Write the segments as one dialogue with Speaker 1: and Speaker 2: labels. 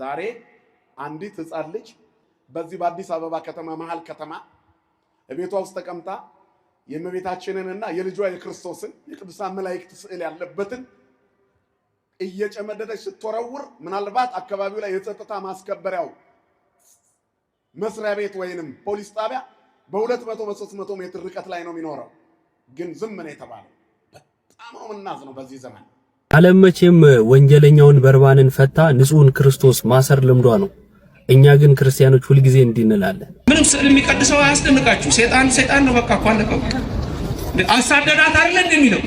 Speaker 1: ዛሬ አንዲት ህፃን ልጅ በዚህ በአዲስ አበባ ከተማ መሀል ከተማ ቤቷ ውስጥ ተቀምጣ የእመቤታችንንና የልጇ የክርስቶስን የቅዱሳን መላእክት ስዕል ያለበትን እየጨመደደች ስትወረውር ምናልባት አካባቢው ላይ የጸጥታ ማስከበሪያው መስሪያ ቤት ወይንም ፖሊስ ጣቢያ በሁለት መቶ በሶስት መቶ ሜትር ርቀት ላይ ነው የሚኖረው። ግን ዝም ነው የተባለው። በጣም ነው የምናዝነው በዚህ ዘመን
Speaker 2: ዓለም መቼም ወንጀለኛውን በርባንን ፈታ ንጹህን ክርስቶስ ማሰር ልምዷ ነው። እኛ ግን ክርስቲያኖች ሁልጊዜ እንዲህ እንላለን።
Speaker 1: ምንም ስዕል የሚቀድሰው አያስደንቃችሁ። ሴጣን ሰይጣን ነው። በቃ እንኳን ለቀው አሳደዳት አይደለ እንደሚለው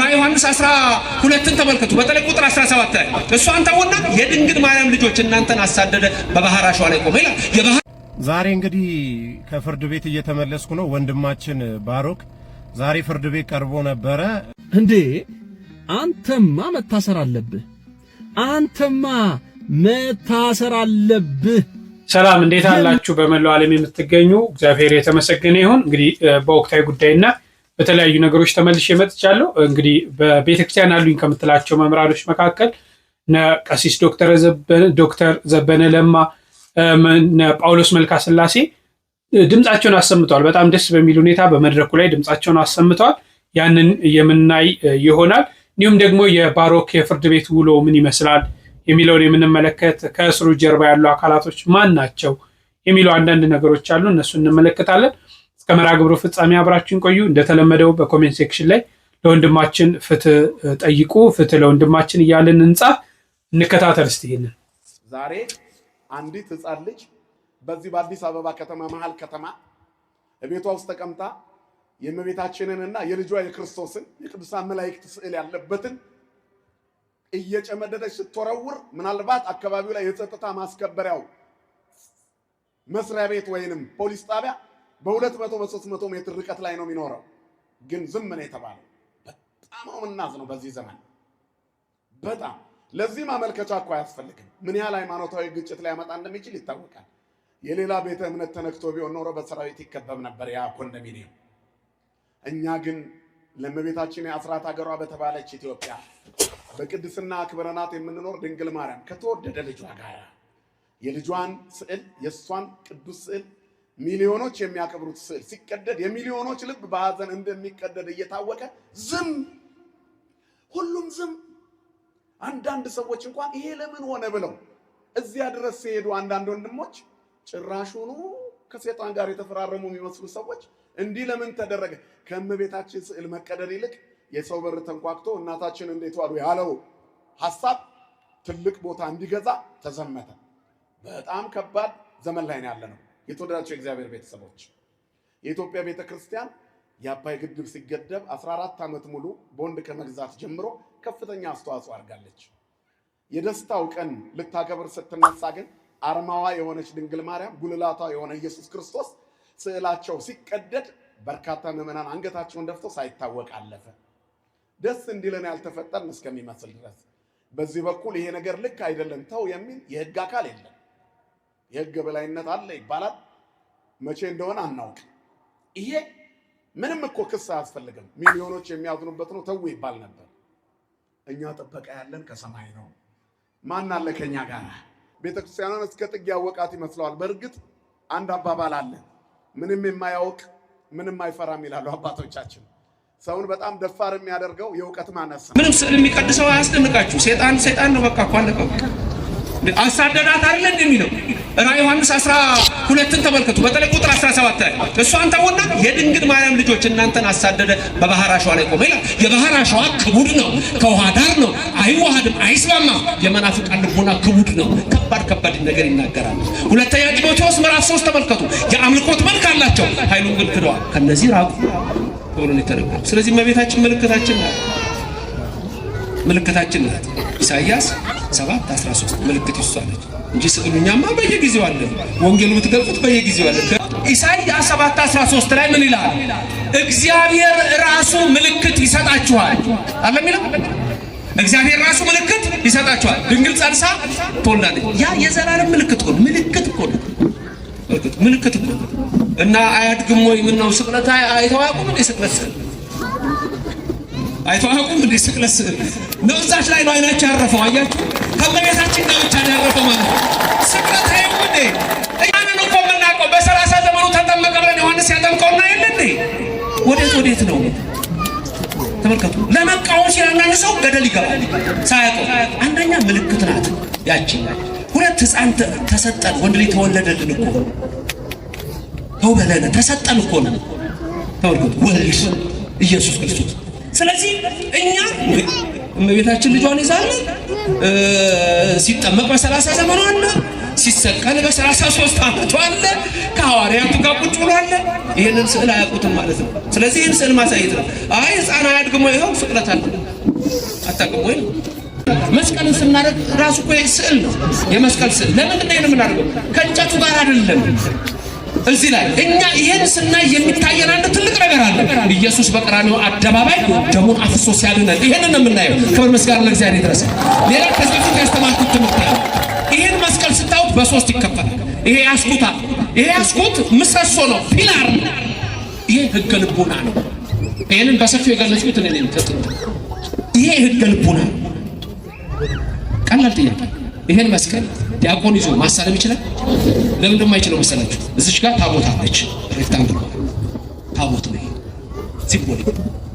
Speaker 1: ራዕይ ዮሐንስ 12ን ተመልከቱ። በተለይ ቁጥር 17 ላይ እሱ አንተ ወና የድንግል ማርያም ልጆች እናንተን አሳደደ በባህር አሸዋ ላይ ቆመ ይላል።
Speaker 3: ዛሬ እንግዲህ ከፍርድ ቤት እየተመለስኩ ነው። ወንድማችን ባሮክ ዛሬ ፍርድ ቤት ቀርቦ ነበረ
Speaker 4: እንዴ አንተማ መታሰር አለብህ፣ አንተማ መታሰር አለብህ።
Speaker 5: ሰላም እንዴት አላችሁ? በመላው ዓለም የምትገኙ እግዚአብሔር የተመሰገነ ይሁን። እንግዲህ በወቅታዊ ጉዳይና በተለያዩ ነገሮች ተመልሼ መጥቻለሁ። እንግዲህ በቤተክርስቲያን አሉኝ ከምትላቸው መምህራኖች መካከል ቀሲስ ዶክተር ዘበነ ለማ፣ ጳውሎስ መልካ ስላሴ ድምፃቸውን አሰምተዋል። በጣም ደስ በሚል ሁኔታ በመድረኩ ላይ ድምፃቸውን አሰምተዋል። ያንን የምናይ ይሆናል። እንዲሁም ደግሞ የባሮክ የፍርድ ቤት ውሎ ምን ይመስላል የሚለውን የምንመለከት ከእስሩ ጀርባ ያሉ አካላቶች ማን ናቸው የሚሉ አንዳንድ ነገሮች አሉ። እነሱ እንመለከታለን። እስከ መርሃ ግብሩ ፍጻሜ አብራችን ቆዩ። እንደተለመደው በኮሜንት ሴክሽን ላይ ለወንድማችን ፍትህ ጠይቁ፣ ፍትህ ለወንድማችን እያልን እንጻፍ። እንከታተል እስቲ ይህንን።
Speaker 1: ዛሬ አንዲት ህፃን ልጅ በዚህ በአዲስ አበባ ከተማ መሀል ከተማ ቤቷ ውስጥ ተቀምጣ የእመቤታችንንና የልጇ የክርስቶስን የቅዱሳን መላእክት ስዕል ያለበትን እየጨመደደች ስትወረውር ምናልባት አካባቢው ላይ የጸጥታ ማስከበሪያው መስሪያ ቤት ወይንም ፖሊስ ጣቢያ በሁለት መቶ በሶስት መቶ ሜትር ርቀት ላይ ነው የሚኖረው። ግን ዝም ነው የተባለው። በጣም ምናዝ ነው በዚህ ዘመን በጣም ለዚህ ማመልከቻ እኮ አያስፈልግም። ምን ያህል ሃይማኖታዊ ግጭት ሊያመጣ እንደሚችል ይታወቃል። የሌላ ቤተ እምነት ተነክቶ ቢሆን ኖሮ በሰራዊት ይከበብ ነበር ያ ኮንዶሚኒየም። እኛ ግን ለእመቤታችን የአስራት ሀገሯ በተባለች ኢትዮጵያ በቅድስና አክብረናት የምንኖር ድንግል ማርያም ከተወደደ ልጇ ጋር የልጇን ስዕል የእሷን ቅዱስ ስዕል ሚሊዮኖች የሚያከብሩት ስዕል ሲቀደድ የሚሊዮኖች ልብ በሐዘን እንደሚቀደድ እየታወቀ ዝም ሁሉም ዝም። አንዳንድ ሰዎች እንኳን ይሄ ለምን ሆነ ብለው እዚያ ድረስ ሲሄዱ አንዳንድ ወንድሞች ጭራሹኑ ከሴጣን ጋር የተፈራረሙ የሚመስሉ ሰዎች እንዲህ ለምን ተደረገ? ከእመቤታችን ስዕል መቀደር ይልቅ የሰው በር ተንኳክቶ እናታችን እንዴት ዋሉ ያለው ሐሳብ ትልቅ ቦታ እንዲገዛ ተዘመተ። በጣም ከባድ ዘመን ላይ ነው ያለነው። የተወደዳቸው የእግዚአብሔር ቤተሰቦች የኢትዮጵያ ቤተክርስቲያን የአባይ ግድብ ሲገደብ 14 ዓመት ሙሉ ቦንድ ከመግዛት ጀምሮ ከፍተኛ አስተዋጽኦ አድርጋለች። የደስታው ቀን ልታከብር ስትነሳ ግን አርማዋ የሆነች ድንግል ማርያም ጉልላቷ የሆነ ኢየሱስ ክርስቶስ ስዕላቸው ሲቀደድ በርካታ ምዕመናን አንገታቸውን ደፍተው ሳይታወቅ አለፈ። ደስ እንዲለን ያልተፈጠርን እስከሚመስል ድረስ በዚህ በኩል ይሄ ነገር ልክ አይደለም ተው የሚል የህግ አካል የለም። የህግ በላይነት አለ ይባላል፣ መቼ እንደሆነ አናውቅ። ይሄ ምንም እኮ ክስ አያስፈልግም። ሚሊዮኖች የሚያዝኑበት ነው ተው ይባል ነበር። እኛ ጥበቃ ያለን ከሰማይ ነው። ማን አለ ከኛ ጋር? ቤተክርስቲያኗን እስከ ጥግ ያወቃት ይመስለዋል። በእርግጥ አንድ አባባል አለን ምንም የማያውቅ ምንም አይፈራም ይላሉ አባቶቻችን። ሰውን በጣም ደፋር የሚያደርገው የእውቀት ማነስ ነው። ምንም ስዕል የሚቀድሰው አያስደንቃችሁ። ሴጣን ሴጣን ነው። በቃ አሳደዳት አይደለ እንደሚለው ራዕይ ዮሐንስ 12ን ተመልከቱ። በተለይ ቁጥር 17 እሱ አንተ ተወና የድንግል ማርያም ልጆች እናንተን አሳደደ፣ በባህር አሸዋ ላይ ቆመ ይላል። የባህር አሸዋ ክቡድ ነው፣ ከውሃ ዳር ነው፣ አይዋሃድም፣ አይስማማ። የመናፍቃን ልቦና ክቡድ ነው፣ ከባድ ከባድ ነገር ይናገራል። ሁለተኛ ጢሞቴዎስ ምዕራፍ 3 ተመልከቱ። የአምልኮት መልክ አላቸው፣ ኃይሉን ግን ክደዋል። ከነዚህ ራቁ ተብሎ ነው ስለዚህ መቤታችን ምልክታችን ናት ምልክታችን ናት። ኢሳይያስ 7 13 ምልክት ይሷለች እንጂ ስቅሉኛማ በየጊዜው አለ። ወንጌል ብትገልጹት በየጊዜው አለ። ኢሳይያስ 7:13 ላይ ምን ይላል? እግዚአብሔር ራሱ ምልክት ይሰጣችኋል አለ የሚለው እግዚአብሔር ራሱ ምልክት ይሰጣችኋል። ድንግል ጸንሳ ትወልዳለች። ያ የዘላለም ምልክት እኮ ምልክት እኮ ምልክት እኮ እና አያድግም ወይ? ምነው ስቅለት አይተዋቁም? አያውቁም? ስቅለት አይቶ አያውቁም እንዴ? ስቅለት ስዕል ነው። እዛች ላይ ነው አይናቸው ያረፈው። አያችሁ፣ ከመቤታችን ጋር ብቻ ነው ያረፈው ማለት ነው። ስቅለት እንዴ? እኮ የምናውቀው በሰላሳ ዘመኑ ተጠመቀ ብለን ዮሐንስ ያጠምቀውና ወዴት ወዴት ነው? ተመልከቱ። ለመቃወም ሲል ሰው ገደል ይገባል ሳያውቀው። አንደኛ ምልክት ናት ያቺ። ሁለት ተሰጠን ወንድ ተወለደልን እኮ ተውበለነ ተሰጠን እኮ ነው። ተመልከቱ ወልድ ኢየሱስ ክርስቶስ ስለዚህ እኛ እመቤታችን ልጇን ይዛለን ሲጠመቅ በሰላሳ ዘመኗ አለ ሲሰቀል በሰላሳ ሶስት አመቱ አለ ከሐዋርያቱ ጋር ቁጭ ብሎ አለ። ይህንን ስዕል አያውቁትም ማለት ነው። ስለዚህ ይህን ስዕል ማሳየት ነው። አይ ህፃን አያድግሞ ይኸው ፍቅረት አለ አታውቅም ወይ መስቀልን ስናደርግ ራሱ እኮ ስዕል ነው። የመስቀል ስዕል ለምንድን ነው የምናደርገው? ከእንጨቱ ጋር አይደለም እዚህ ላይ እኛ ይሄን ስናይ የሚታየን አንድ ትልቅ ነገር አለ። ኢየሱስ በቀራንዮ አደባባይ ደሙን አፍሶ ሲያድነን ይሄንን ነው የምናየው። ክብር ምስጋና ለእግዚአብሔር ይድረስ። ሌላ ከዚህ በፊት ያስተማርኩት ትምህርት ይሄን መስቀል ስታዩት በሶስት ይከፈላል። ይሄ ያስኩታ ይሄ ያስኩት ምሰሶ ነው፣ ፒላር ይሄ ህገ ልቡና ነው። ይሄንን በሰፊው የገለጽኩት እኔ ይሄ ህገ ልቡና ቀላል ጥያቄ ይሄን መስቀል ዲያቆን ይዞ ማሳለም ይችላል? ለምን እንደማይችለው መሰላችሁ? እዚች ጋር ታቦት አለች። ሬክታንግል ታቦት ነው። ሲምቦሊክ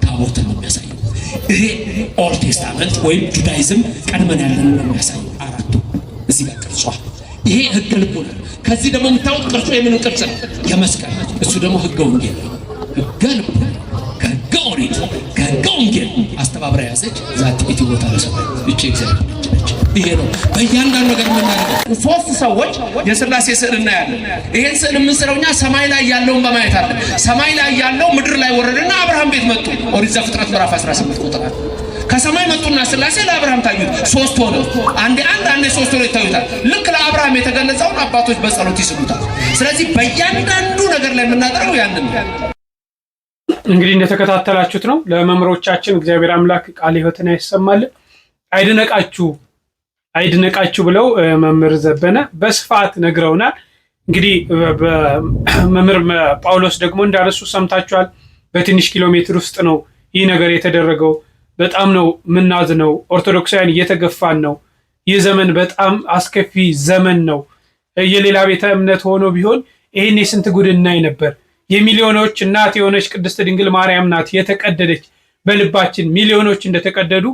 Speaker 1: ታቦት ነው የሚያሳየው። ይሄ ኦልድ ቴስታመንት ወይም ጁዳይዝም ቀድመን ያለን ነው የሚያሳይ አራቱ እዚህ ጋር ቅርጿ ይሄ ህገ ነው። ከዚህ ደግሞ የምታወቅ ቅርጹ የምን ቅርጽ ነው? የመስቀል እሱ ደግሞ ህገ ወንጌል ህገ ልቦና የህገ ወንጌል ዛት ቦታ ይሄ ነው በእያንዳንዱ ነገር የምናደርገው። ሶስት ሰዎች የስላሴ ስዕል እናያለን። ስዕል የምንስለው እኛ ሰማይ ላይ ያለውን በማየት አለ። ሰማይ ላይ ያለው ምድር ላይ ወረደና አብርሃም ቤት መጡ። ኦሪት ዘፍጥረት ምዕራፍ 18 ቁጥር ከሰማይ መጡና ስላሴ ለአብርሃም ታዩት። ሶስት አንዴ አንድ አንዴ ሶስት ይታዩታል። ልክ ለአብርሃም የተገለጸውን አባቶች በጸሎት ይስሉታል። ስለዚህ በእያንዳንዱ ነገር ላይ የምናደርገው ያንን ነው።
Speaker 5: እንግዲህ እንደተከታተላችሁት ነው። ለመምህሮቻችን እግዚአብሔር አምላክ ቃለ ሕይወትን አይሰማልን። አይድነቃችሁ አይድነቃችሁ ብለው መምህር ዘበነ በስፋት ነግረውናል። እንግዲህ መምህር ጳውሎስ ደግሞ እንዳነሱ ሰምታችኋል። በትንሽ ኪሎ ሜትር ውስጥ ነው ይህ ነገር የተደረገው። በጣም ነው ነው። ኦርቶዶክሳውያን እየተገፋን ነው። ይህ ዘመን በጣም አስከፊ ዘመን ነው። የሌላ ቤተ እምነት ሆኖ ቢሆን ይህን የስንት ጉድ እናይ ነበር። የሚሊዮኖች እናት የሆነች ቅድስት ድንግል ማርያም ናት የተቀደደች። በልባችን ሚሊዮኖች እንደተቀደዱ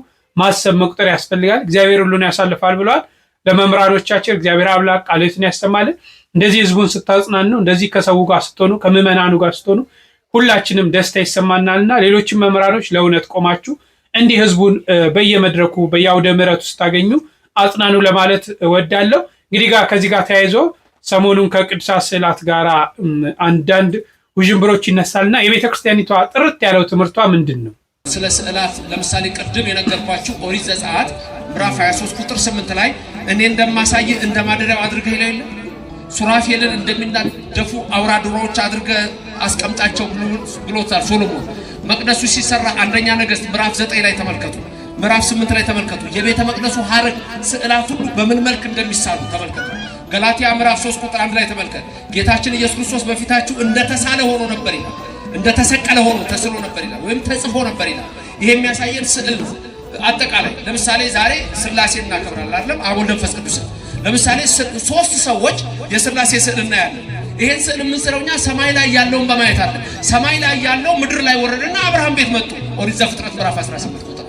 Speaker 5: ማሰብ መቁጠር ያስፈልጋል። እግዚአብሔር ሁሉን ያሳልፋል ብለዋል። ለመምህራኖቻችን እግዚአብሔር አምላክ ቃሉን ያሰማልን። እንደዚህ ህዝቡን ስታጽናኑ፣ እንደዚህ ከሰው ጋር ስትሆኑ፣ ከምዕመናኑ ጋር ስትሆኑ ሁላችንም ደስታ ይሰማናልና ሌሎችም መምህራኖች ለእውነት ቆማችሁ እንዲህ ህዝቡን በየመድረኩ በየአውደ ምሕረቱ ስታገኙ አጽናኑ ለማለት እወዳለሁ። እንግዲህ ጋር ከዚህ ጋር ተያይዞ ሰሞኑን ከቅዱሳት ስዕላት ጋር አንዳንድ ውዥንብሮች ይነሳልና የቤተ ክርስቲያኒቷ ጥርት ያለው ትምህርቷ ምንድን ነው?
Speaker 1: ስለ ስዕላት ለምሳሌ ቅድም የነገርኳችሁ ኦሪት ዘጸአት ምዕራፍ 23 ቁጥር 8 ላይ እኔ እንደማሳይ እንደ ማደሪያው አድርገህ ይለ ሱራፌልን እንደሚናደፉ አውራ ዶሮዎች አድርገ አስቀምጣቸው ብሎታል ሶሎሞን። መቅደሱ ሲሰራ አንደኛ ነገስት ምዕራፍ 9 ላይ ተመልከቱ፣ ምዕራፍ 8 ላይ ተመልከቱ። የቤተ መቅደሱ ሀረግ ስዕላት ሁሉ በምን መልክ እንደሚሳሉ ተመልከቱ። ገላትያ ምዕራፍ 3 ቁጥር 1 ላይ ተመልከት። ጌታችን ኢየሱስ ክርስቶስ በፊታችሁ እንደተሳለ ሆኖ ነበር ይላል። እንደተሰቀለ ሆኖ ተስሎ ነበር ይላል፣ ወይም ተጽፎ ነበር ይላል። ይሄ የሚያሳየን ስዕል አጠቃላይ። ለምሳሌ ዛሬ ስላሴ እናከብራለን አይደለም? አብ ወልድ መንፈስ ቅዱስ። ለምሳሌ ሶስት ሰዎች የስላሴ ስዕል እናያለን። ይሄን ስዕል የምንስለው እኛ ሰማይ ላይ ያለውን በማየት አለ። ሰማይ ላይ ያለው ምድር ላይ ወረደና አብርሃም ቤት መጡ። ኦሪት ዘፍጥረት ምዕራፍ 18 ቁጥር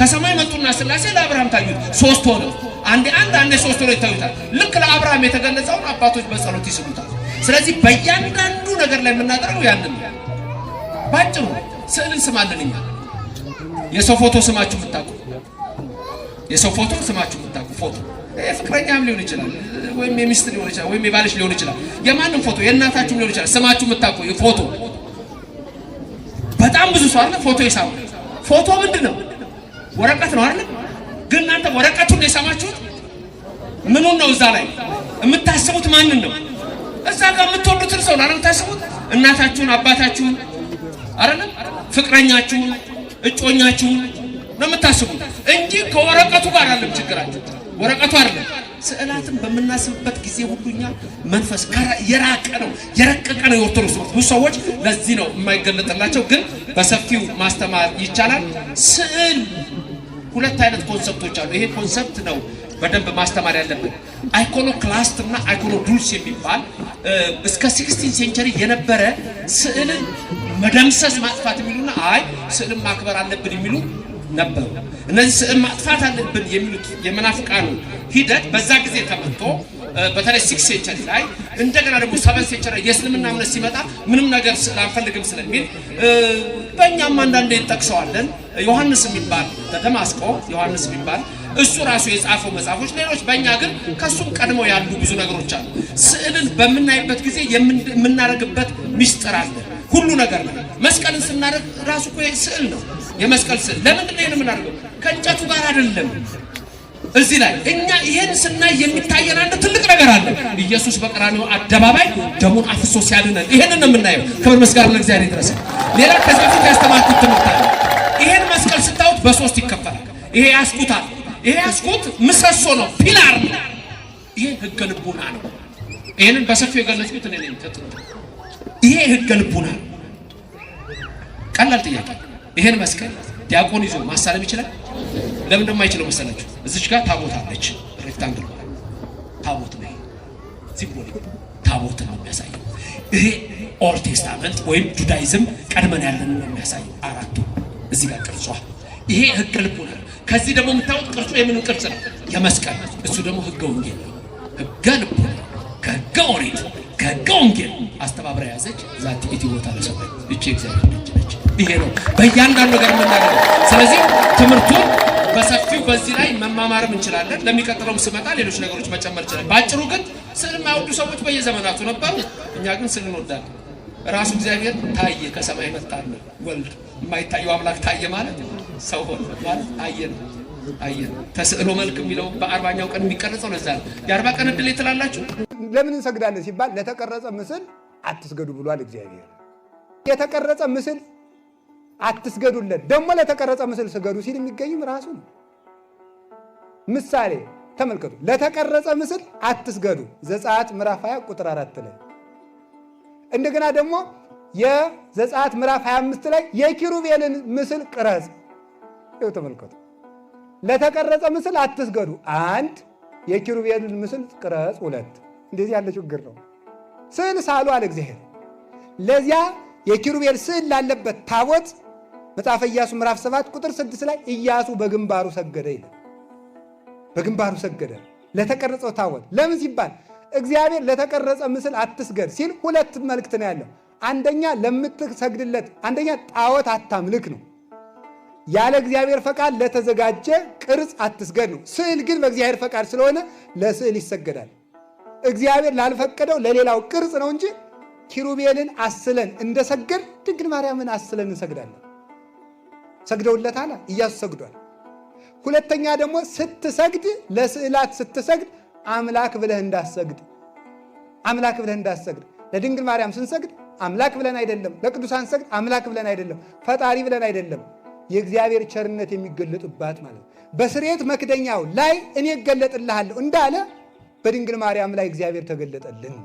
Speaker 1: ከሰማይ መጡና ስላሴ ለአብርሃም ታዩት ሶስት ሆነው አንዴ አንድ አንዴ ሶስት ሆኖ ይታዩታል። ልክ ለአብርሃም የተገለጸውን አባቶች በጸሎት ይስሉታል። ስለዚህ በእያንዳንዱ ነገር ላይ የምናደርገው ያንን ነው። ባጭሩ ስዕልን ስማለን እኛ የሰው ፎቶ ስማችሁ የምታውቁ የሰው ፎቶ ስማችሁ የምታውቁ ፎቶ ፍቅረኛም ሊሆን ይችላል፣ ወይም የሚስት ሊሆን ይችላል፣ ወይም የባልሽ ሊሆን ይችላል። የማንም ፎቶ የእናታችሁም ሊሆን ይችላል። ስማችሁ የምታውቁ ፎቶ በጣም ብዙ ሰው አለ ፎቶ ይሳሙ። ፎቶ ምንድን ነው? ወረቀት ነው አይደል? ግን እናንተ ወረቀቱን የሰማችሁት ምኑን ነው? እዛ ላይ የምታስቡት ማንን ነው? እዛ ጋር የምትወዱትን ሰው ነው የምታስቡት። እናታችሁን፣ አባታችሁን አይደለም ፍቅረኛችሁን፣ እጮኛችሁን ነው የምታስቡት እንጂ ከወረቀቱ ጋር አይደለም ችግራችሁ። ወረቀቱ አይደለም ስዕላትን በምናስብበት ጊዜ ሁሉኛ መንፈስ የራቀ ነው የረቀቀ ነው። የኦርቶዶክስ ብዙ ሰዎች ለዚህ ነው የማይገለጥላቸው፣ ግን በሰፊው ማስተማር ይቻላል ስዕል ሁለት አይነት ኮንሰፕቶች አሉ። ይሄ ኮንሰፕት ነው በደንብ ማስተማር ያለብን። አይኮኖ ክላስት እና አይኮኖ ዱልስ የሚባል እስከ ሲክስቲን ሴንቸሪ የነበረ ስዕልን መደምሰስ ማጥፋት የሚሉና አይ ስዕልን ማክበር አለብን የሚሉ ነበሩ። እነዚህ ስዕል ማጥፋት አለብን የሚሉት የመናፍቃኑ ሂደት በዛ ጊዜ ተመቶ በተለይ ሲክስ ሴንቸሪ ላይ እንደገና ደግሞ ሰቨን ሴንቸሪ የእስልምና እምነት ሲመጣ ምንም ነገር ስዕል አንፈልግም ስለሚል በእኛም አንዳንዴ እንጠቅሰዋለን ዮሐንስ የሚባል ተደማስቆ ዮሐንስ የሚባል እሱ ራሱ የጻፈው መጽሐፎች፣ ሌሎች በእኛ ግን ከሱም ቀድሞ ያሉ ብዙ ነገሮች አሉ። ስዕልን በምናይበት ጊዜ የምናደርግበት ሚስጥር አለ። ሁሉ ነገር ነው። መስቀልን ስናደርግ ራሱ እኮ ስዕል ነው። የመስቀል ስዕል ለምንድን ነው የምናደርገው? ከእንጨቱ ጋር አይደለም። እዚህ ላይ እኛ ይሄን ስናይ የሚታየን አንድ ትልቅ ነገር አለ። ኢየሱስ በቀራንዮ አደባባይ ደሙን አፍሶ ሲያድነን ይሄንን ነው የምናየው። ክብር መስጋር ለእግዚአብሔር ይድረስ። ሌላ ከዚህ በፊት ያስተማርኩት ትምህርት አለ። በሶስት ይከፈላል። ይሄ ያስቁታል። ይሄ ያስቁት ምሰሶ ነው፣ ፒላር ነው። ይሄ ህገ ልቡና ነው። ይሄንን በሰፊው የገለጽኩት እኔ ነኝ። ይሄ ህገ ልቡና ነው። ቀላል ጥያቄ። ይሄን መስቀል ዲያቆን ይዞ ማሳለም ይችላል? ለምን እንደማይችለው መሰላችሁ? እዚች ጋር ታቦት አለች። ሬክታንግል ታቦት ነው። ሲምቦሊክ ታቦት ነው የሚያሳየው። ይሄ ኦልድ ቴስታመንት ወይም ጁዳይዝም ቀድመን ያለን ነው የሚያሳየው። አራቱ እዚህ ጋር ቅርጿል። ይሄ ህገ ልቡና ነው። ከዚህ ደግሞ የምታዩት ቅርጹ የምን ቅርጽ ነው? የመስቀል። እሱ ደግሞ ህገ ወንጌል ነው። ህገ ልቡና ከህገ ኦሪት ከህገ ወንጌል አስተባብራ የያዘች ዛት ኢቲ ቦታ ለሰው እቺ እግዚአብሔር ልጅ ነች። ይሄ ነው በእያንዳንዱ ነገር የምናደርገው። ስለዚህ ትምህርቱን በሰፊው በዚህ ላይ መማማርም እንችላለን። ለሚቀጥለውም ስመጣ ሌሎች ነገሮች መጨመር ይችላል በአጭሩ ግን ስዕል የማይወዱ ሰዎች በየዘመናቱ ነበሩ። እኛ ግን ስዕል እንወዳለን። ራሱ እግዚአብሔር ታየ፣ ከሰማይ መጣለ ወልድ የማይታየው አምላክ ታየ ማለት ነው። ሰው ሆነ ማለት አየን አየን። ተስዕሎ መልክ የሚለው በአርባኛው ቀን የሚቀረጸው ለዛ ነው። የአርባ ቀን እድል ትላላችሁ።
Speaker 6: ለምን እንሰግዳለን ሲባል ለተቀረጸ ምስል አትስገዱ ብሏል እግዚአብሔር። የተቀረጸ ምስል አትስገዱለት፣ ደግሞ ለተቀረጸ ምስል ስገዱ ሲል የሚገኝም ራሱ ነው። ምሳሌ ተመልከቱ። ለተቀረጸ ምስል አትስገዱ ዘጸአት ምዕራፍ 20 ቁጥር 4 ላይ እንደገና ደግሞ የዘጸአት ምዕራፍ 25 ላይ የኪሩቤልን ምስል ቅረጽ ይኸው ተመልከቱ። ለተቀረጸ ምስል አትስገዱ። አንድ የኪሩቤል ምስል ቅረጽ፣ ሁለት እንደዚህ ያለ ችግር ነው። ስዕል ሳሉ አለ እግዚአብሔር። ለዚያ የኪሩቤል ስዕል ላለበት ታቦት መጽሐፈ ኢያሱ ምዕራፍ 7 ቁጥር 6 ላይ ኢያሱ በግንባሩ ሰገደ ይላል። በግንባሩ ሰገደ ለተቀረጸው ታቦት። ለምን ሲባል እግዚአብሔር ለተቀረጸ ምስል አትስገድ ሲል ሁለት መልእክት ነው ያለው። አንደኛ ለምትሰግድለት፣ አንደኛ ጣዖት አታምልክ ነው ያለ እግዚአብሔር ፈቃድ ለተዘጋጀ ቅርጽ አትስገድ ነው። ስዕል ግን በእግዚአብሔር ፈቃድ ስለሆነ ለስዕል ይሰገዳል። እግዚአብሔር ላልፈቀደው ለሌላው ቅርጽ ነው እንጂ ኪሩቤልን አስለን እንደሰገድ ድንግል ማርያምን አስለን እንሰግዳለን። ሰግደውለታል። እያሱ ሰግዷል። ሁለተኛ ደግሞ ስትሰግድ ለስዕላት ስትሰግድ አምላክ ብለህ እንዳሰግድ አምላክ ብለህ እንዳሰግድ ለድንግል ማርያም ስንሰግድ አምላክ ብለን አይደለም። ለቅዱሳን ሰግድ አምላክ ብለን አይደለም። ፈጣሪ ብለን አይደለም። የእግዚአብሔር ቸርነት የሚገለጥባት ማለት ነው። በስርየት መክደኛው ላይ እኔ እገለጥልሃለሁ እንዳለ በድንግል ማርያም ላይ እግዚአብሔር ተገለጠልን።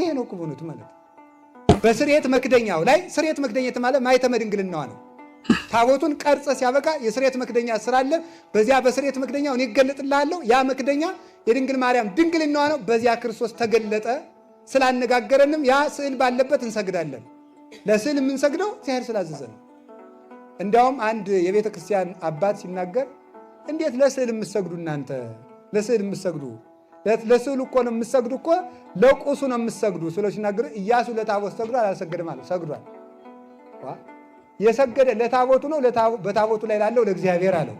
Speaker 6: ይሄ ነው ክቡኑት ማለት በስርየት መክደኛው ላይ ስርየት መክደኘት ማለት ማይተመ ድንግልናዋ ነው። ታቦቱን ቀርጸ ሲያበቃ የስርየት መክደኛ ስራ አለ። በዚያ በስርየት መክደኛው እኔ እገለጥልሃለሁ። ያ መክደኛ የድንግል ማርያም ድንግልናዋ ነው። በዚያ ክርስቶስ ተገለጠ። ስላነጋገረንም ያ ስዕል ባለበት እንሰግዳለን። ለስዕል የምንሰግደው እግዚአብሔር ስላዘዘ ነው። እንዲያውም አንድ የቤተ ክርስቲያን አባት ሲናገር እንዴት ለስዕል የምትሰግዱ እናንተ ለስዕል የምትሰግዱ ለስዕሉ እኮ ነው የምትሰግዱ እኮ ለቁሱ ነው የምትሰግዱ ስለ ሲናገር እያሱ ለታቦት ሰግዶ አላሰገድም አለ ሰግዷል የሰገደ ለታቦቱ ነው በታቦቱ ላይ ላለው ለእግዚአብሔር አለው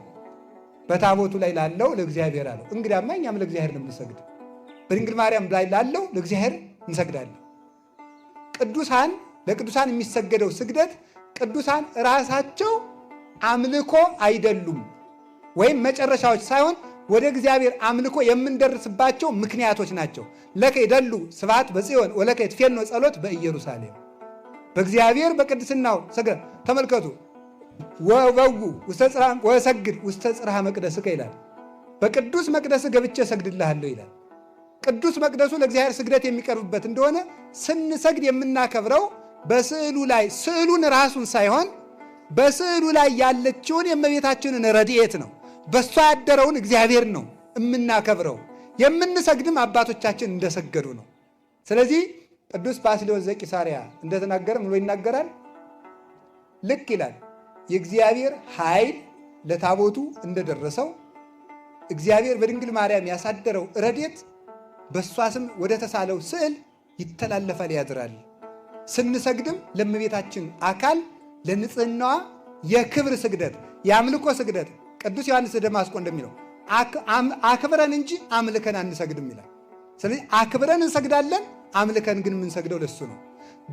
Speaker 6: በታቦቱ ላይ ላለው ለእግዚአብሔር አለው እንግዲያማ እኛም ለእግዚአብሔር ነው የምንሰግድ በድንግል ማርያም ላይ ላለው ለእግዚአብሔር እንሰግዳለን ቅዱሳን ለቅዱሳን የሚሰገደው ስግደት ቅዱሳን ራሳቸው አምልኮ አይደሉም ወይም መጨረሻዎች ሳይሆን ወደ እግዚአብሔር አምልኮ የምንደርስባቸው ምክንያቶች ናቸው። ለከ ይደሉ ስብሐት በጽዮን ወለከ ይትፌኖ ጸሎት በኢየሩሳሌም በእግዚአብሔር በቅድስናው ሰገ ተመልከቱ ወበው ወሰግድ ውስተ ጽርሐ መቅደስከ ይላል። በቅዱስ መቅደስ ገብቼ ሰግድልሃለሁ ይላል። ቅዱስ መቅደሱ ለእግዚአብሔር ስግደት የሚቀርብበት እንደሆነ ስንሰግድ የምናከብረው በስዕሉ ላይ ስዕሉን ራሱን ሳይሆን በስዕሉ ላይ ያለችውን የእመቤታችንን ረድኤት ነው። በእሷ ያደረውን እግዚአብሔር ነው የምናከብረው። የምንሰግድም አባቶቻችን እንደሰገዱ ነው። ስለዚህ ቅዱስ ባስልዮስ ዘቂሳርያ እንደተናገረ ምሎ ይናገራል? ልክ ይላል የእግዚአብሔር ኃይል ለታቦቱ እንደደረሰው እግዚአብሔር በድንግል ማርያም ያሳደረው ረድኤት በእሷ ስም ወደ ተሳለው ስዕል ይተላለፋል፣ ያድራል። ስንሰግድም ለእመቤታችን አካል ለንጽህናዋ የክብር ስግደት የአምልኮ ስግደት ቅዱስ ዮሐንስ ደማስቆ እንደሚለው አክብረን እንጂ አምልከን አንሰግድም ይላል። ስለዚህ አክብረን እንሰግዳለን፣ አምልከን ግን የምንሰግደው ለሱ ነው።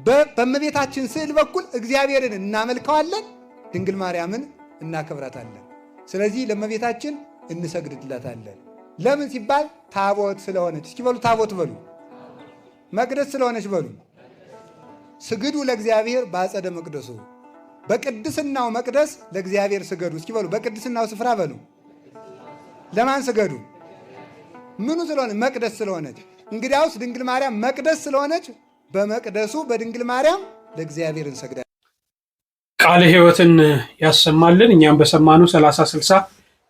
Speaker 6: በእመቤታችን ስዕል በኩል እግዚአብሔርን እናመልከዋለን፣ ድንግል ማርያምን እናከብራታለን። ስለዚህ ለእመቤታችን እንሰግድላታለን። ለምን ሲባል ታቦት ስለሆነች። እስኪ በሉ ታቦት በሉ፣ መቅደስ ስለሆነች በሉ ስግዱ ለእግዚአብሔር በአጸደ መቅደሱ፣ በቅድስናው መቅደስ ለእግዚአብሔር ስገዱ። እስኪ በሉ በቅድስናው ስፍራ በሉ። ለማን ስገዱ? ምኑ ስለሆነ መቅደስ ስለሆነች። እንግዲያውስ ድንግል ማርያም መቅደስ ስለሆነች በመቅደሱ በድንግል ማርያም ለእግዚአብሔር እንሰግዳለን።
Speaker 5: ቃለ ሕይወትን ያሰማልን። እኛም በሰማኑ ሰላሳ ስልሳ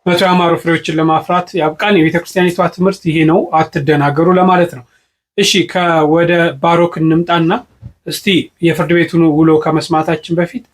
Speaker 5: መቶ ያማሩ ፍሬዎችን ለማፍራት ያብቃን። የቤተ ክርስቲያኒቷ ትምህርት ይሄ ነው፣ አትደናገሩ ለማለት ነው። እሺ ከወደ ባሮክ እንምጣና እስቲ የፍርድ ቤቱን ውሎ ከመስማታችን በፊት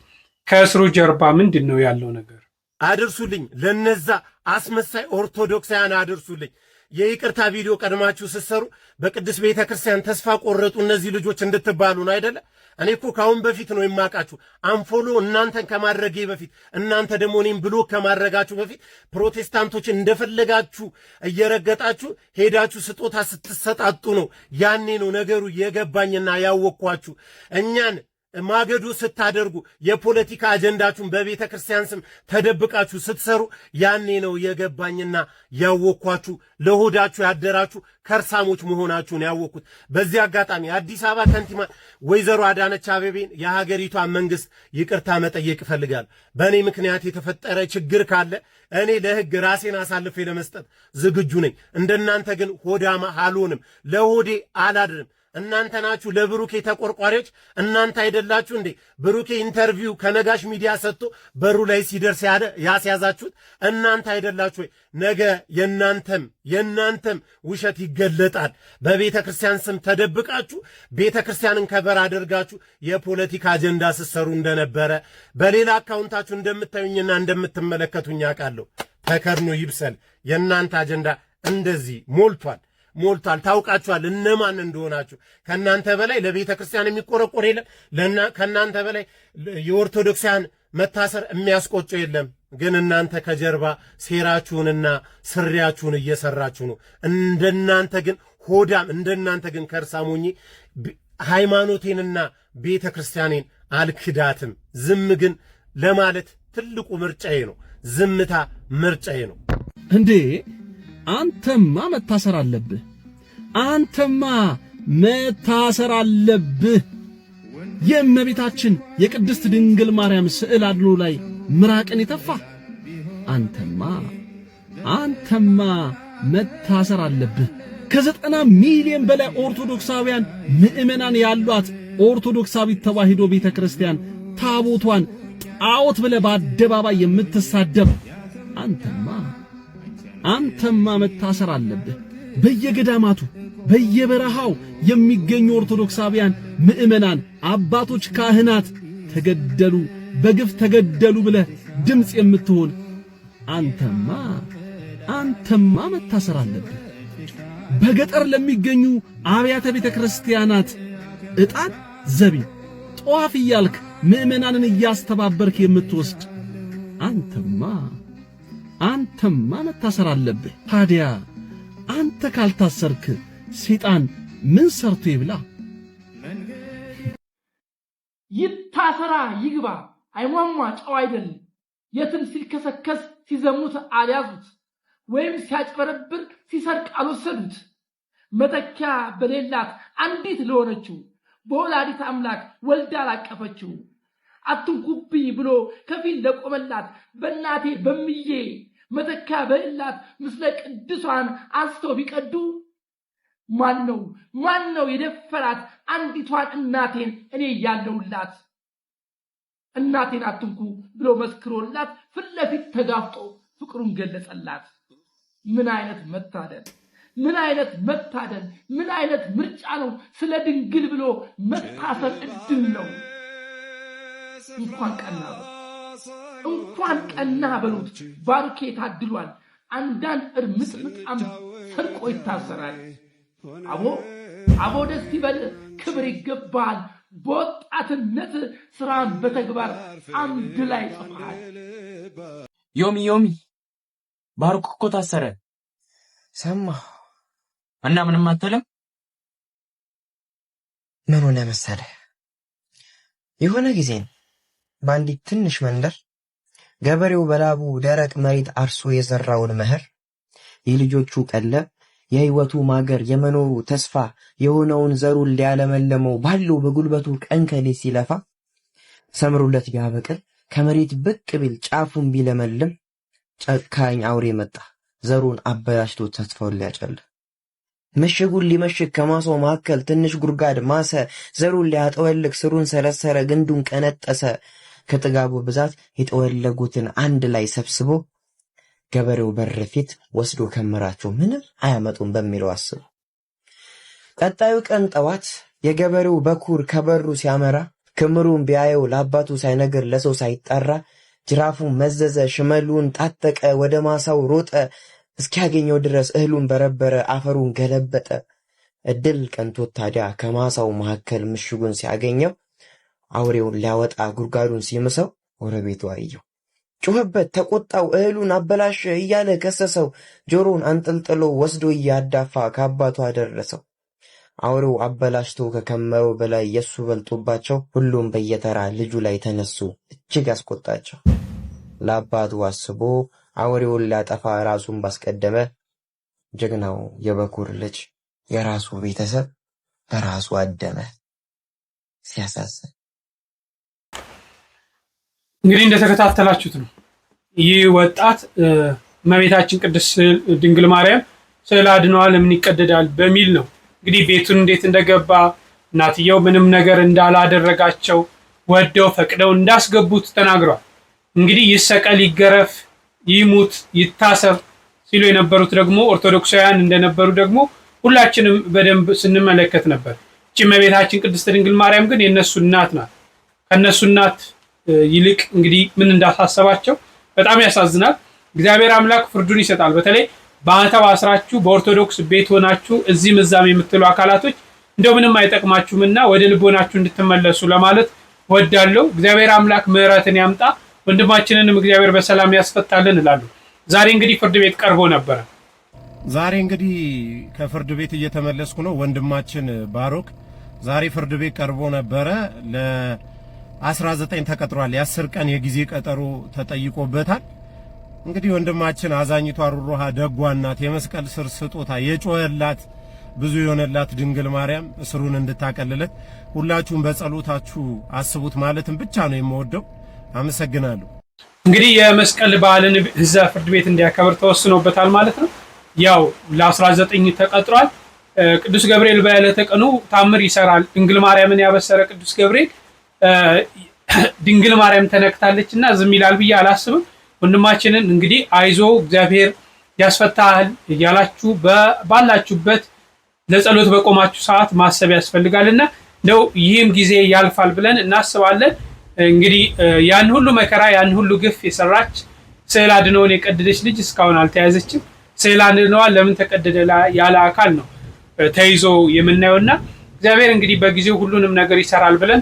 Speaker 5: ከእስሩ ጀርባ ምንድን ነው ያለው ነገር
Speaker 1: አድርሱልኝ። ለነዛ አስመሳይ ኦርቶዶክሳውያን አድርሱልኝ። የይቅርታ ቪዲዮ ቀድማችሁ ስትሰሩ በቅዱስ ቤተ ክርስቲያን ተስፋ ቆረጡ እነዚህ ልጆች እንድትባሉ ነው አይደለ? እኔ እኮ ካሁን በፊት ነው የማውቃችሁ። አንፎሎ እናንተን ከማድረጌ በፊት እናንተ ደግሞ እኔም ብሎ ከማድረጋችሁ በፊት ፕሮቴስታንቶች እንደፈለጋችሁ እየረገጣችሁ ሄዳችሁ ስጦታ ስትሰጣጡ ነው። ያኔ ነው ነገሩ የገባኝና ያወቅኳችሁ እኛን ማገዶ ስታደርጉ የፖለቲካ አጀንዳችሁን በቤተ ክርስቲያን ስም ተደብቃችሁ ስትሰሩ ያኔ ነው የገባኝና ያወኳችሁ ለሆዳችሁ ያደራችሁ ከርሳሞች መሆናችሁን ያወቅኩት። በዚህ አጋጣሚ አዲስ አበባ ከንቲባ ወይዘሮ አዳነች አቤቤን የሀገሪቷን መንግስት ይቅርታ መጠየቅ ይፈልጋል። በእኔ ምክንያት የተፈጠረ ችግር ካለ እኔ ለህግ ራሴን አሳልፌ ለመስጠት ዝግጁ ነኝ። እንደናንተ ግን ሆዳማ አልሆንም፣ ለሆዴ አላድርም። እናንተ ናችሁ ለብሩኬ ተቆርቋሪዎች፣ እናንተ አይደላችሁ እንዴ? ብሩኬ ኢንተርቪው ከነጋሽ ሚዲያ ሰጥቶ በሩ ላይ ሲደርስ ያስያዛችሁት እናንተ አይደላችሁ ወይ? ነገ የእናንተም የእናንተም ውሸት ይገለጣል። በቤተ ክርስቲያን ስም ተደብቃችሁ ቤተ ክርስቲያንን ከበር አድርጋችሁ የፖለቲካ አጀንዳ ስትሰሩ እንደነበረ በሌላ አካውንታችሁ እንደምታዩኝና እንደምትመለከቱኝ አውቃለሁ። ተከድኖ ይብሰል። የእናንተ አጀንዳ እንደዚህ ሞልቷል። ሞልቷል። ታውቃችኋል እነማን እንደሆናችሁ። ከእናንተ በላይ ለቤተ ክርስቲያን የሚቆረቆር የለም። ከእናንተ በላይ የኦርቶዶክሳን መታሰር የሚያስቆጮ የለም። ግን እናንተ ከጀርባ ሴራችሁንና ስሪያችሁን እየሰራችሁ ነው። እንደናንተ ግን ሆዳም እንደናንተ ግን ከርሳሞኝ ሃይማኖቴንና ቤተ ክርስቲያኔን አልክዳትም። ዝም ግን ለማለት ትልቁ ምርጫዬ ነው። ዝምታ ምርጫዬ ነው።
Speaker 4: እንዴ አንተማ መታሰር አለብህ። አንተማ መታሰር አለብህ። የእመቤታችን የቅድስት ድንግል ማርያም ስዕል አድኖ ላይ ምራቅን የተፋ አንተማ አንተማ መታሰር አለብህ። ከዘጠና ሚሊዮን በላይ ኦርቶዶክሳውያን ምእመናን ያሏት ኦርቶዶክሳዊት ተዋሕዶ ቤተ ክርስቲያን ታቦቷን ጣዖት ብለህ በአደባባይ የምትሳደብ አንተማ አንተማ መታሰር አለብህ። በየገዳማቱ በየበረሃው የሚገኙ ኦርቶዶክሳውያን ምዕመናን፣ አባቶች፣ ካህናት ተገደሉ፣ በግፍ ተገደሉ ብለህ ድምፅ የምትሆን አንተማ አንተማ መታሰር አለብህ። በገጠር ለሚገኙ አብያተ ቤተ ክርስቲያናት ዕጣን፣ ዘቢብ፣ ጧፍ እያልክ ምእመናንን እያስተባበርክ የምትወስድ አንተማ አንተማ መታሰር አለብህ ታዲያ አንተ ካልታሰርክ ሰይጣን ምን ሰርቶ ይብላ? ይታሰራ ይግባ አይሟሟ ጨው አይደለም። የትም ሲልከሰከስ ሲዘሙት አልያዙት፣ ወይም ሲያጭበረብር ሲሰርቅ አልወሰዱት። መተኪያ በሌላት አንዲት ለሆነችው በወላዲት አምላክ ወልዳ አላቀፈችው። አትንኩብኝ ብሎ ከፊል ለቆመላት በእናቴ በምዬ መተካ በእላት ምስለ ቅዱሳን አስተው ቢቀዱ ማን ነው ማን ነው የደፈራት አንዲቷን እናቴን እኔ ያለውላት እናቴን አትንኩ ብሎ መስክሮላት ፊት ለፊት ተጋፍጦ ፍቅሩን ገለጸላት። ምን አይነት መታደል! ምን አይነት መታደል! ምን አይነት ምርጫ ነው! ስለ ድንግል ብሎ መታሰር እድል ነው። እንኳን ቀና እንኳን ቀና በሉት ባርኬ ታድሏል። አንዳንድ እርምጥምጣም ሰርቆ ይታሰራል። አቦ አቦ ደስ ይበል፣ ክብር ይገባል። በወጣትነት ስራን በተግባር አምድ ላይ ጽፏል። ዮሚ ዮሚ ባርኩ እኮ ታሰረ ሰማ እና ምንም አትልም። ምን ሆነ መሰለህ የሆነ ጊዜን በአንዲት ትንሽ መንደር ገበሬው በላቡ ደረቅ መሬት አርሶ የዘራውን መኸር፣ የልጆቹ ቀለብ፣ የሕይወቱ ማገር፣ የመኖሩ ተስፋ የሆነውን ዘሩን ሊያለመለመው ባለው በጉልበቱ ቀንከሌ ሲለፋ ሰምሩለት ቢያበቅል ከመሬት ብቅ ቢል ጫፉን ቢለመልም ጨካኝ አውሬ መጣ፣ ዘሩን አበላሽቶ ተስፋውን ሊያጨል ምሽጉን ሊመሽግ ከማሳው መካከል ትንሽ ጉድጓድ ማሰ፣ ዘሩን ሊያጠወልቅ ስሩን ሰለሰረ ግንዱን ቀነጠሰ። ከጥጋቡ ብዛት የጠወለጉትን አንድ ላይ ሰብስቦ ገበሬው በር ፊት ወስዶ ከምራቸው ምንም አያመጡም በሚለው አስቡ። ቀጣዩ ቀን ጠዋት የገበሬው በኩር ከበሩ ሲያመራ ክምሩን ቢያየው ለአባቱ ሳይነግር ለሰው ሳይጠራ ጅራፉን መዘዘ፣ ሽመሉን ጣጠቀ፣ ወደ ማሳው ሮጠ። እስኪያገኘው ድረስ እህሉን በረበረ፣ አፈሩን ገለበጠ። እድል ቀንቶት ታዲያ ከማሳው መካከል ምሽጉን ሲያገኘው አውሬውን ሊያወጣ ጉድጓዱን ሲምሰው ጎረቤቱ አየው። ጩኸበት፣ ተቆጣው። እህሉን አበላሸ እያለ ከሰሰው። ጆሮውን አንጠልጥሎ ወስዶ እያዳፋ ከአባቱ አደረሰው። አውሬው አበላሽቶ ከከመረው በላይ የሱ በልጦባቸው ሁሉም በየተራ ልጁ ላይ ተነሱ። እጅግ አስቆጣቸው። ለአባቱ አስቦ አውሬውን ሊያጠፋ ራሱን ባስቀደመ ጀግናው የበኩር ልጅ የራሱ ቤተሰብ በራሱ አደመ። ሲያሳዝን እንግዲህ እንደተከታተላችሁት ነው። ይህ ወጣት እመቤታችን ቅድስት ድንግል ማርያም ስዕል አድነዋ ለምን ይቀደዳል በሚል ነው እንግዲህ ቤቱን እንዴት እንደገባ እናትየው ምንም ነገር እንዳላደረጋቸው ወደው ፈቅደው እንዳስገቡት ተናግሯል። እንግዲህ ይሰቀል፣ ይገረፍ፣ ይሙት፣ ይታሰር ሲሉ የነበሩት ደግሞ ኦርቶዶክሳውያን እንደነበሩ ደግሞ ሁላችንም በደንብ ስንመለከት ነበር። እቺ እመቤታችን ቅድስት ድንግል ማርያም ግን የእነሱ እናት ናት። ከእነሱ እናት ይልቅ እንግዲህ ምን እንዳሳሰባቸው በጣም ያሳዝናል። እግዚአብሔር አምላክ ፍርዱን ይሰጣል። በተለይ በአተባ አስራችሁ በኦርቶዶክስ ቤት ሆናችሁ እዚህም እዛም የምትሉ አካላቶች እንደው ምንም አይጠቅማችሁም እና ወደ ልቦናችሁ እንድትመለሱ ለማለት ወዳለው እግዚአብሔር አምላክ ምሕረትን ያምጣ ወንድማችንንም እግዚአብሔር በሰላም ያስፈታልን እላሉ። ዛሬ እንግዲህ ፍርድ ቤት ቀርቦ ነበረ። ዛሬ እንግዲህ ከፍርድ ቤት እየተመለስኩ ነው። ወንድማችን ባሮክ ዛሬ ፍርድ ቤት ቀርቦ ነበረ። 19 ተቀጥሯል። የ10 ቀን የጊዜ ቀጠሮ ተጠይቆበታል። እንግዲህ ወንድማችን አዛኝቷ ሩሩሃ ደጓናት የመስቀል ስር ስጦታ የጮኸላት ብዙ የሆነላት ድንግል ማርያም እስሩን እንድታቀልለት ሁላችሁም በጸሎታችሁ አስቡት ማለትም ብቻ ነው የምወደው። አመሰግናለሁ። እንግዲህ የመስቀል በዓልን ህዛ ፍርድ ቤት እንዲያከብር ተወስኖበታል ማለት ነው። ያው ለ19 ተቀጥሯል። ቅዱስ ገብርኤል በዕለተ ቀኑ ታምር ይሰራል። ድንግል ማርያምን ያበሰረ ቅዱስ ገብርኤል ድንግል ማርያም ተነክታለች እና ዝም ይላል ብዬ አላስብም። ወንድማችንን እንግዲህ አይዞ እግዚአብሔር ያስፈታል እያላችሁ ባላችሁበት ለጸሎት በቆማችሁ ሰዓት ማሰብ እና እንደው ይህም ጊዜ ያልፋል ብለን እናስባለን። እንግዲህ ያን ሁሉ መከራ ያን ሁሉ ግፍ የሰራች ስዕል አድነውን የቀደደች ልጅ እስካሁን አልተያዘችም። ስዕል አድነዋ ለምን ተቀደደ ያለ አካል ነው ተይዞ የምናየውና እግዚአብሔር እንግዲህ በጊዜው ሁሉንም ነገር ይሰራል ብለን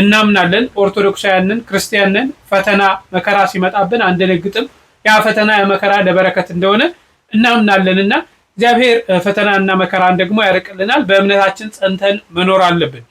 Speaker 4: እናምናለን። ኦርቶዶክሳውያንን ክርስቲያንን ፈተና መከራ ሲመጣብን አንደነግጥም። ያ ፈተና የመከራ ለበረከት እንደሆነ እናምናለን እና እግዚአብሔር ፈተናና መከራን ደግሞ ያርቅልናል። በእምነታችን ጸንተን መኖር አለብን።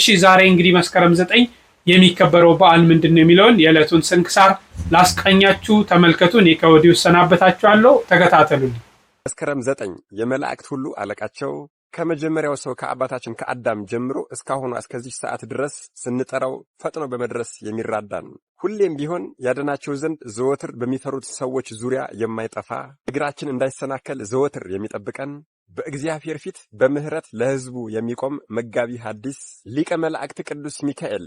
Speaker 4: እሺ ዛሬ እንግዲህ መስከረም ዘጠኝ የሚከበረው በዓል ምንድን ነው የሚለውን የዕለቱን ስንክሳር ላስቀኛችሁ። ተመልከቱ። እኔ ከወዲሁ እሰናበታችኋለሁ። ተከታተሉልኝ። መስከረም ዘጠኝ የመላእክት ሁሉ አለቃቸው ከመጀመሪያው ሰው ከአባታችን ከአዳም ጀምሮ እስካሁኑ እስከዚህ ሰዓት ድረስ ስንጠራው ፈጥኖ በመድረስ የሚራዳን ሁሌም ቢሆን ያደናቸው ዘንድ ዘወትር በሚፈሩት ሰዎች ዙሪያ የማይጠፋ እግራችን እንዳይሰናከል ዘወትር የሚጠብቀን በእግዚአብሔር ፊት በምሕረት ለሕዝቡ የሚቆም መጋቢ ሐዲስ ሊቀ መላእክት ቅዱስ ሚካኤል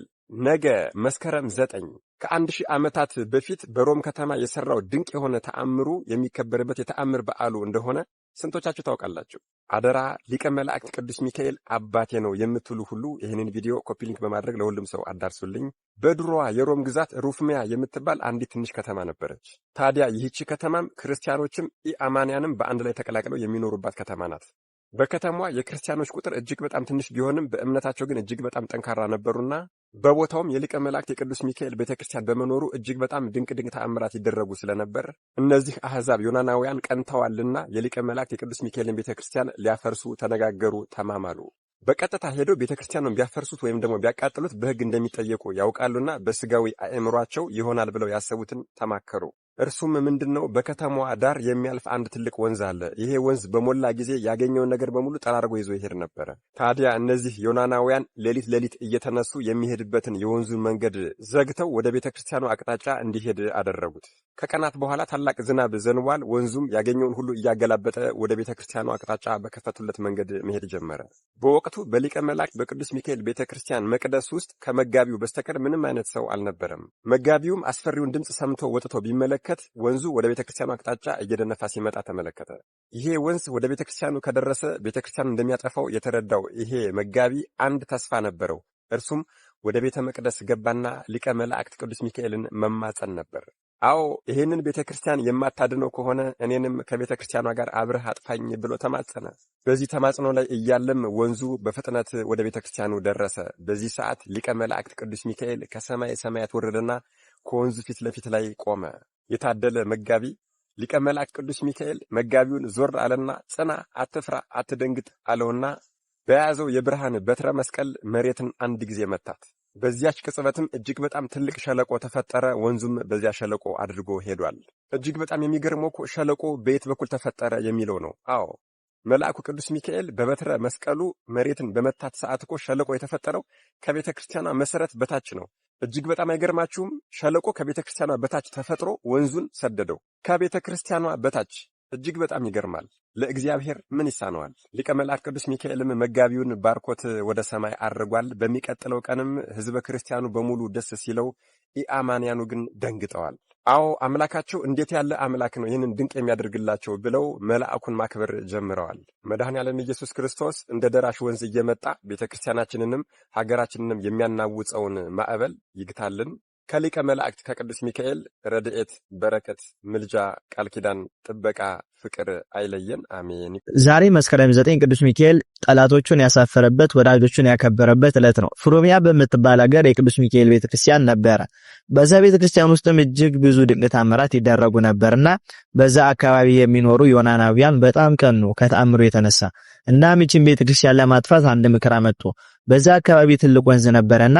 Speaker 4: ነገ መስከረም ዘጠኝ ከአንድ ሺህ ዓመታት በፊት በሮም ከተማ የሠራው ድንቅ የሆነ ተአምሩ የሚከበርበት የተአምር በዓሉ እንደሆነ ስንቶቻችሁ ታውቃላችሁ? አደራ ሊቀ መላእክት ቅዱስ ሚካኤል አባቴ ነው የምትሉ ሁሉ ይህንን ቪዲዮ ኮፒሊንክ በማድረግ ለሁሉም ሰው አዳርሱልኝ። በድሮዋ የሮም ግዛት ሩፍሚያ የምትባል አንዲት ትንሽ ከተማ ነበረች። ታዲያ ይህቺ ከተማም ክርስቲያኖችም ኢአማንያንም በአንድ ላይ ተቀላቅለው የሚኖሩባት ከተማ ናት። በከተማዋ የክርስቲያኖች ቁጥር እጅግ በጣም ትንሽ ቢሆንም በእምነታቸው ግን እጅግ በጣም ጠንካራ ነበሩና በቦታውም የሊቀ መላእክት የቅዱስ ሚካኤል ቤተ ክርስቲያን በመኖሩ እጅግ በጣም ድንቅ ድንቅ ተአምራት ይደረጉ ስለነበር እነዚህ አሕዛብ ዮናናውያን ቀንተዋልና የሊቀ መላእክት የቅዱስ ሚካኤልን ቤተ ክርስቲያን ሊያፈርሱ ተነጋገሩ፣ ተማማሉ። በቀጥታ ሄደው ቤተ ክርስቲያኑን ቢያፈርሱት ወይም ደግሞ ቢያቃጥሉት በሕግ እንደሚጠየቁ ያውቃሉና በስጋዊ አእምሯቸው ይሆናል ብለው ያሰቡትን ተማከሩ። እርሱም ምንድነው በከተማዋ ዳር የሚያልፍ አንድ ትልቅ ወንዝ አለ። ይሄ ወንዝ በሞላ ጊዜ ያገኘውን ነገር በሙሉ ጠራርጎ ይዞ ይሄድ ነበረ። ታዲያ እነዚህ ዮናናውያን ሌሊት ሌሊት እየተነሱ የሚሄድበትን የወንዙን መንገድ ዘግተው ወደ ቤተ ክርስቲያኑ አቅጣጫ እንዲሄድ አደረጉት። ከቀናት በኋላ ታላቅ ዝናብ ዘንቧል። ወንዙም ያገኘውን ሁሉ እያገላበጠ ወደ ቤተ ክርስቲያኑ አቅጣጫ በከፈቱለት መንገድ መሄድ ጀመረ። በወቅቱ በሊቀ መላእክት በቅዱስ ሚካኤል ቤተ ክርስቲያን መቅደስ ውስጥ ከመጋቢው በስተቀር ምንም አይነት ሰው አልነበረም። መጋቢውም አስፈሪውን ድምፅ ሰምቶ ወጥቶ ቢመለ ሲመለከት ወንዙ ወደ ቤተ ክርስቲያኑ አቅጣጫ እየደነፋ ሲመጣ ተመለከተ። ይሄ ወንዝ ወደ ቤተ ክርስቲያኑ ከደረሰ ቤተ ክርስቲያኑ እንደሚያጠፋው የተረዳው ይሄ መጋቢ አንድ ተስፋ ነበረው። እርሱም ወደ ቤተ መቅደስ ገባና ሊቀ መላእክት ቅዱስ ሚካኤልን መማፀን ነበር። አዎ ይህንን ቤተ ክርስቲያን የማታድነው ከሆነ እኔንም ከቤተ ክርስቲያኗ ጋር አብረህ አጥፋኝ ብሎ ተማጸነ። በዚህ ተማጽኖ ላይ እያለም ወንዙ በፍጥነት ወደ ቤተ ክርስቲያኑ ደረሰ። በዚህ ሰዓት ሊቀ መላእክት ቅዱስ ሚካኤል ከሰማይ ሰማያት ወረደና ከወንዙ ፊት ለፊት ላይ ቆመ። የታደለ መጋቢ ሊቀ መልአክ ቅዱስ ሚካኤል መጋቢውን ዞር አለና ጽና፣ አትፍራ፣ አትደንግጥ አለውና በያዘው የብርሃን በትረ መስቀል መሬትን አንድ ጊዜ መታት። በዚያች ቅጽበትም እጅግ በጣም ትልቅ ሸለቆ ተፈጠረ። ወንዙም በዚያ ሸለቆ አድርጎ ሄዷል። እጅግ በጣም የሚገርመው እኮ ሸለቆ በየት በኩል ተፈጠረ የሚለው ነው። አዎ መልአኩ ቅዱስ ሚካኤል በበትረ መስቀሉ መሬትን በመታት ሰዓት እኮ ሸለቆ የተፈጠረው ከቤተ ክርስቲያኗ መሰረት በታች ነው። እጅግ በጣም አይገርማችሁም? ሸለቆ ከቤተ ክርስቲያኗ በታች ተፈጥሮ ወንዙን ሰደደው። ከቤተ ክርስቲያኗ በታች እጅግ በጣም ይገርማል። ለእግዚአብሔር ምን ይሳነዋል? ሊቀ መላእክት ቅዱስ ሚካኤልም መጋቢውን ባርኮት ወደ ሰማይ አድርጓል። በሚቀጥለው ቀንም ሕዝበ ክርስቲያኑ በሙሉ ደስ ሲለው፣ ኢአማንያኑ ግን ደንግጠዋል። አዎ አምላካቸው እንዴት ያለ አምላክ ነው ይህንን ድንቅ የሚያደርግላቸው ብለው መልአኩን ማክበር ጀምረዋል። መድኃኔ ዓለም ኢየሱስ ክርስቶስ እንደ ደራሽ ወንዝ እየመጣ ቤተ ክርስቲያናችንንም ሀገራችንንም የሚያናውፀውን ማዕበል ይግታልን። ከሊቀ መላእክት ከቅዱስ ሚካኤል ረድኤት፣ በረከት፣ ምልጃ፣ ቃል ኪዳን፣ ጥበቃ፣ ፍቅር አይለየን፣ አሜን። ዛሬ መስከረም ዘጠኝ ቅዱስ ሚካኤል ጠላቶቹን ያሳፈረበት ወዳጆቹን ያከበረበት ዕለት ነው። ፍሮሚያ በምትባል ሀገር የቅዱስ ሚካኤል ቤተክርስቲያን ነበረ። በዛ ቤተክርስቲያን ውስጥም እጅግ ብዙ ድንቅ ታምራት ይደረጉ ነበርና በዛ አካባቢ የሚኖሩ ዮናናውያን በጣም ቀኑ ከተአምሩ የተነሳ እና ምችን ቤተክርስቲያን ለማጥፋት አንድ ምክር አመጡ። በዛ አካባቢ ትልቅ ወንዝ ነበረና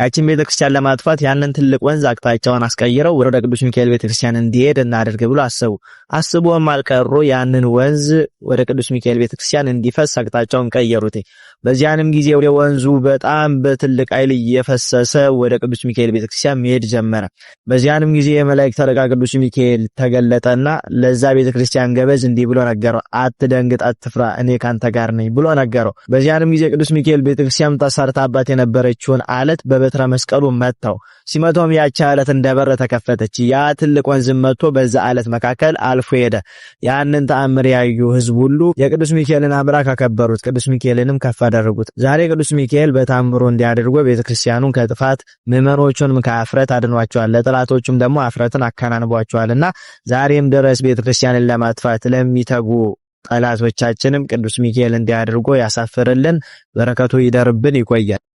Speaker 4: ያችን ቤተክርስቲያን ለማጥፋት ያንን ትልቅ ወንዝ አቅጣጫውን አስቀይረው ወደ ቅዱስ ሚካኤል ቤተክርስቲያን እንዲሄድ እናደርግ ብሎ አሰቡ። አስቦም አልቀሩ ያንን ወንዝ ወደ ቅዱስ ሚካኤል ቤተክርስቲያን እንዲፈስ አቅጣጫውን ቀየሩት። በዚያንም ጊዜ ወደ ወንዙ በጣም በትልቅ ኃይል እየፈሰሰ ወደ ቅዱስ ሚካኤል ቤተክርስቲያን መሄድ ጀመረ። በዚያንም ጊዜ የመላእክት አለቃ ቅዱስ ሚካኤል ተገለጠና ለዛ ቤተክርስቲያን ገበዝ እንዲህ ብሎ ነገረው፣ አትደንግጥ፣ አትፍራ፣ እኔ ካንተ ጋር ነኝ ብሎ ነገረው። በዚያንም ጊዜ ቅዱስ ሚካኤል ቤተክርስቲያን አባት የነበረችውን አለት በበትረ መስቀሉ መታው። ሲመቶም ያቺ አለት እንደ በር ተከፈተች። ያ ትልቅ ወንዝም መጥቶ በዛ አለት መካከል አልፎ ሄደ። ያንን ተአምር ያዩ ህዝብ ሁሉ የቅዱስ ሚካኤልን አምላክ አከበሩት። ቅዱስ ሚካኤልንም ከፍ አደረጉት። ዛሬ ቅዱስ ሚካኤል በታምሩ እንዲያደርጎ ቤተክርስቲያኑን ከጥፋት ምዕመኖቹንም ከአፍረት አድኗቸዋል። ለጠላቶቹም ደግሞ አፍረትን አከናንቧቸዋልና ዛሬም ድረስ ቤተክርስቲያንን ለማጥፋት ለሚተጉ ጠላቶቻችንም ቅዱስ ሚካኤል እንዲያደርጎ ያሳፍርልን። በረከቱ ይደርብን። ይቆያል።